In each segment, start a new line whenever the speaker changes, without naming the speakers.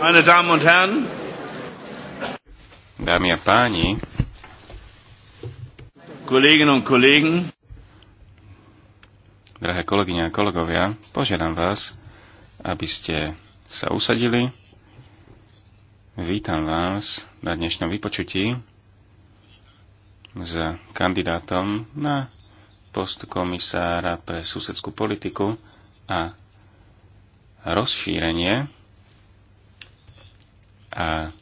Meine Damen und Herren, Dámy a páni, Kolleginnen und Kollegen, drahé kolegyne a kolegovia, požiadam vás, aby ste sa usadili. Vítam vás na dnešnom vypočutí s kandidátom na post komisára pre susedskú politiku a rozšírenie a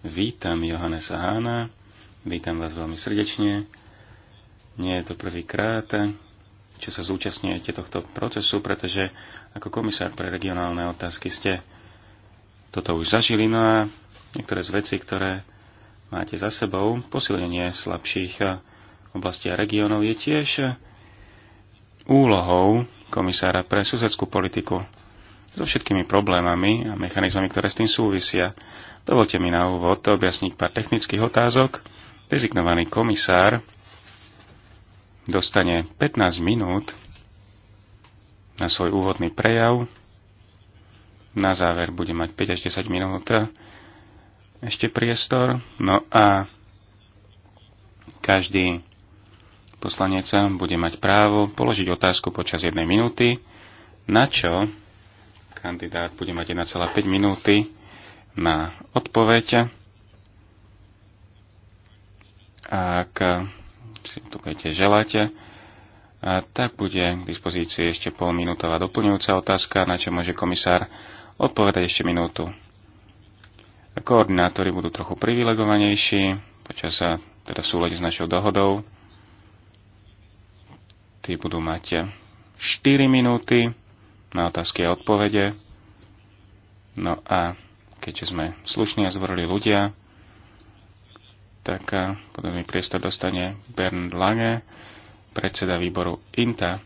vítam Johannesa Hána, vítam vás veľmi srdečne. Nie je to prvýkrát, čo sa zúčastňujete tohto procesu, pretože ako komisár pre regionálne otázky ste toto už zažili, no a niektoré z vecí, ktoré máte za sebou, posilnenie slabších oblasti a regiónov je tiež úlohou komisára pre susedskú politiku so všetkými problémami a mechanizmami, ktoré s tým súvisia. Dovolte mi na úvod objasniť pár technických otázok. Dezignovaný komisár dostane 15 minút na svoj úvodný prejav. Na záver bude mať 5 až 10 minút ešte priestor. No a každý Poslanec bude mať právo položiť otázku počas jednej minúty, na čo kandidát bude mať 1,5 minúty na odpoveď. Ak si to budete želať, tak bude k dispozícii ešte polminútová doplňujúca otázka, na čo môže komisár odpovedať ešte minútu. Koordinátori budú trochu privilegovanejší, počas teda v súlade s našou dohodou. Tí budú mať 4 minúty na otázky a odpovede. No a keďže sme slušní a zvorili ľudia, tak podobný priestor dostane Bernd Lange, predseda výboru INTA.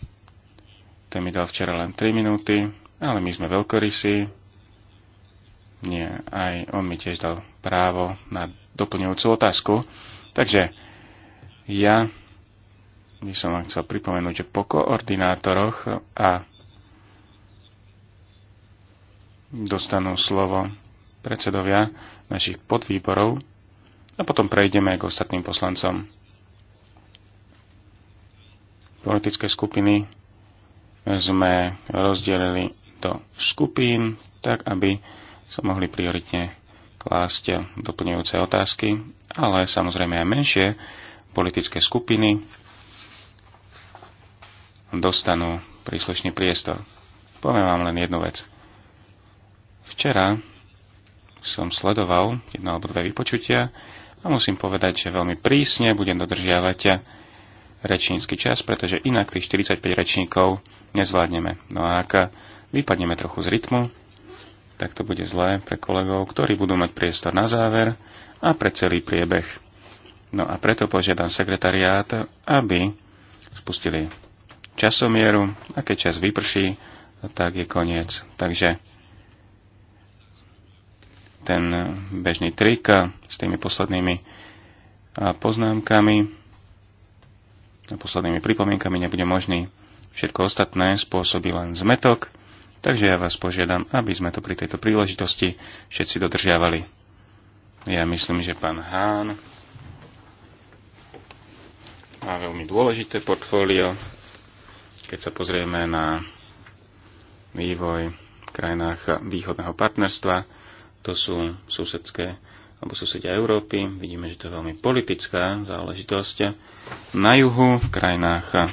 Ten mi dal včera len 3 minúty, ale my sme veľkorysí, nie, aj on mi tiež dal právo na doplňujúcu otázku. Takže ja by som vám chcel pripomenúť, že po koordinátoroch a dostanú slovo predsedovia našich podvýborov a potom prejdeme k ostatným poslancom. Politické skupiny sme rozdelili do skupín, tak aby sa mohli prioritne klásť doplňujúce otázky, ale samozrejme aj menšie politické skupiny dostanú príslušný priestor. Poviem vám len jednu vec. Včera som sledoval jedno alebo dve vypočutia a musím povedať, že veľmi prísne budem dodržiavať rečnícky čas, pretože inak tých 45 rečníkov nezvládneme. No a ak vypadneme trochu z rytmu, tak to bude zlé pre kolegov, ktorí budú mať priestor na záver a pre celý priebeh. No a preto požiadam sekretariát, aby spustili časomieru a keď čas vyprší, tak je koniec. Takže ten bežný trik s tými poslednými poznámkami a poslednými pripomienkami nebude možný. Všetko ostatné spôsobí len zmetok, takže ja vás požiadam, aby sme to pri tejto príležitosti všetci dodržiavali. Ja myslím, že pán Hán má veľmi dôležité portfólio keď sa pozrieme na vývoj v krajinách východného partnerstva, to sú susedské alebo susedia Európy. Vidíme, že to je veľmi politická záležitosť. Na juhu, v krajinách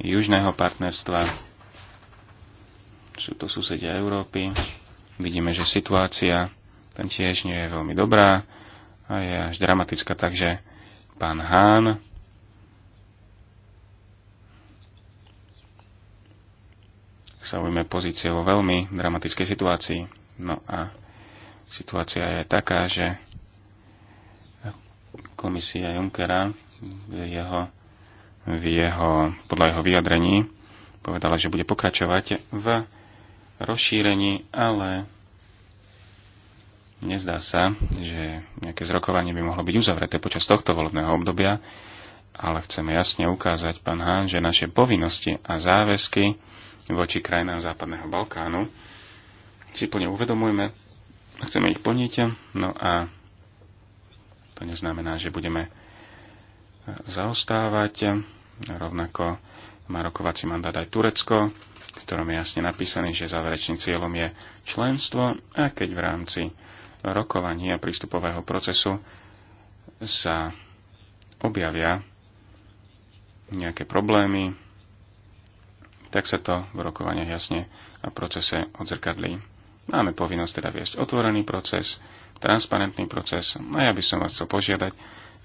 južného partnerstva, sú to susedia Európy. Vidíme, že situácia tam tiež nie je veľmi dobrá a je až dramatická, takže pán Hán sa ujme pozície vo veľmi dramatickej situácii. No a situácia je taká, že komisia Junckera jeho, v jeho, podľa jeho vyjadrení povedala, že bude pokračovať v rozšírení, ale nezdá sa, že nejaké zrokovanie by mohlo byť uzavreté počas tohto volebného obdobia, ale chceme jasne ukázať, pán Hán, že naše povinnosti a záväzky voči krajinám Západného Balkánu, si plne uvedomujeme, chceme ich plniť, no a to neznamená, že budeme zaostávať. Rovnako má rokovací mandát aj Turecko, v ktorom je jasne napísané, že záverečným cieľom je členstvo a keď v rámci rokovania prístupového procesu sa objavia nejaké problémy, tak sa to v rokovaniach jasne a procese odzrkadlí. Máme povinnosť teda viesť otvorený proces, transparentný proces no a ja by som vás chcel požiadať,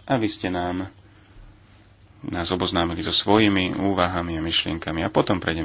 aby ste nám nás oboznámili so svojimi úvahami a myšlienkami a potom prejdeme